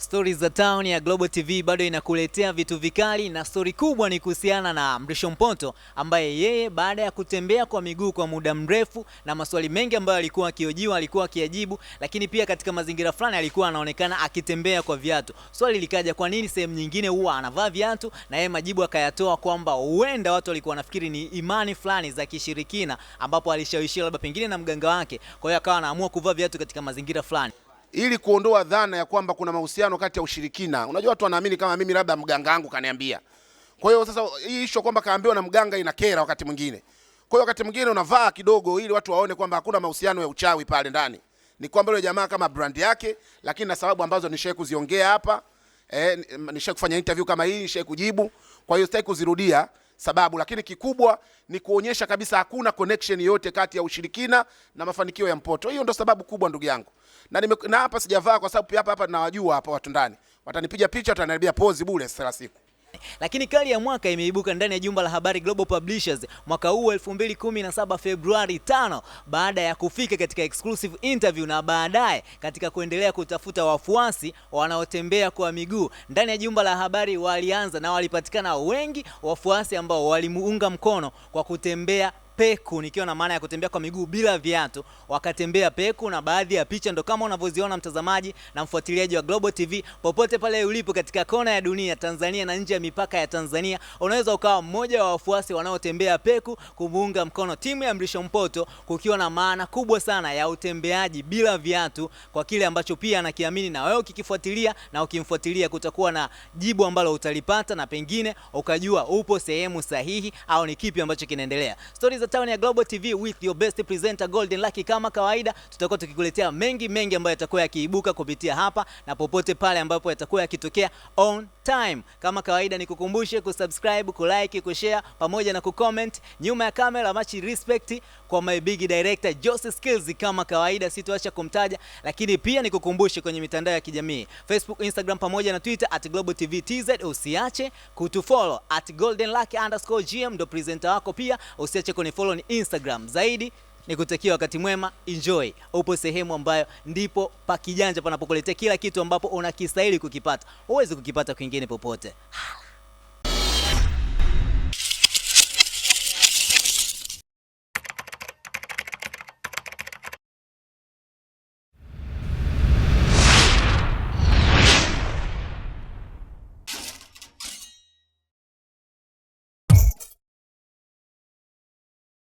Stori za Town ya Global TV bado inakuletea vitu vikali na stori kubwa ni kuhusiana na Mrisho Mponto ambaye yeye baada ya kutembea kwa miguu kwa muda mrefu na maswali mengi ambayo alikuwa akiojiwa alikuwa akiyajibu, lakini pia katika mazingira fulani alikuwa anaonekana akitembea kwa viatu. Swali likaja, kwa nini sehemu nyingine huwa anavaa viatu? Na yeye majibu akayatoa kwamba huenda watu walikuwa wanafikiri ni imani fulani za kishirikina, ambapo alishawishiwa labda pengine na mganga wake, kwa hiyo akawa anaamua kuvaa viatu katika mazingira fulani ili kuondoa dhana ya kwamba kuna mahusiano kati ya ushirikina. Unajua watu wanaamini kama mimi labda mganga wangu kaniambia. Kwa hiyo sasa hii issue kwamba kaambiwa na mganga inakera wakati mwingine. Kwa hiyo wakati mwingine unavaa kidogo ili watu waone kwamba hakuna mahusiano ya uchawi pale ndani. Ni kwamba yule jamaa kama brand yake, lakini na sababu ambazo nishaye kuziongea hapa, eh, nishaye kufanya interview kama hii, nishaye kujibu. Kwa hiyo sitaki kuzirudia sababu, lakini kikubwa ni kuonyesha kabisa hakuna connection yote kati ya ushirikina na mafanikio ya Mpoto. Hiyo ndo sababu kubwa ndugu yangu, na nime, na hapa sijavaa kwa sababu hapa hapa nawajua hapa watu ndani watanipiga picha, wataniambia pozi bure sasa siku. Lakini kali ya mwaka imeibuka ndani ya jumba la habari Global Publishers mwaka huu 2017 Februari 5, baada ya kufika katika exclusive interview na baadaye katika kuendelea kutafuta wafuasi wanaotembea kwa miguu ndani ya jumba la habari, walianza na walipatikana wengi wafuasi ambao walimuunga mkono kwa kutembea peku, nikiwa na maana ya kutembea kwa miguu bila viatu, wakatembea peku, na baadhi ya picha ndo kama unavyoziona mtazamaji na mfuatiliaji wa Global TV, popote pale ulipo katika kona ya dunia, Tanzania na nje ya mipaka ya Tanzania, unaweza ukawa mmoja wa wafuasi wanaotembea peku kumuunga mkono timu ya Mrisho Mpoto, kukiwa na maana kubwa sana ya utembeaji bila viatu kwa kile ambacho pia anakiamini, na wewe ukikifuatilia na ukimfuatilia, kutakuwa na jibu ambalo utalipata na pengine ukajua upo sehemu sahihi au ni kipi ambacho kinaendelea. stories za Town ya Global TV with your best presenter Golden Lucky. Kama kawaida, tutakuwa tukikuletea mengi mengi ambayo yatakuwa yakiibuka kupitia hapa na popote pale ambapo yatakuwa yakitokea on time. Kama kawaida, nikukumbushe kusubscribe, kulike, kushare pamoja na kucomment. Nyuma ya kamera, much respect kwa my big director Jose Skills. Kama kawaida, sitoacha kumtaja, lakini pia nikukumbushe kwenye mitandao ya kijamii Facebook, Instagram pamoja na Twitter at Global TV TZ. Usiache kutufollow at Golden Lucky underscore GM, ndo presenter wako pia usiache kuni follow ni Instagram zaidi. Nikutakia wakati mwema, enjoy. Upo sehemu ambayo ndipo pa kijanja panapokuletea kila kitu ambapo unakistahili kukipata, huwezi kukipata kwingine popote.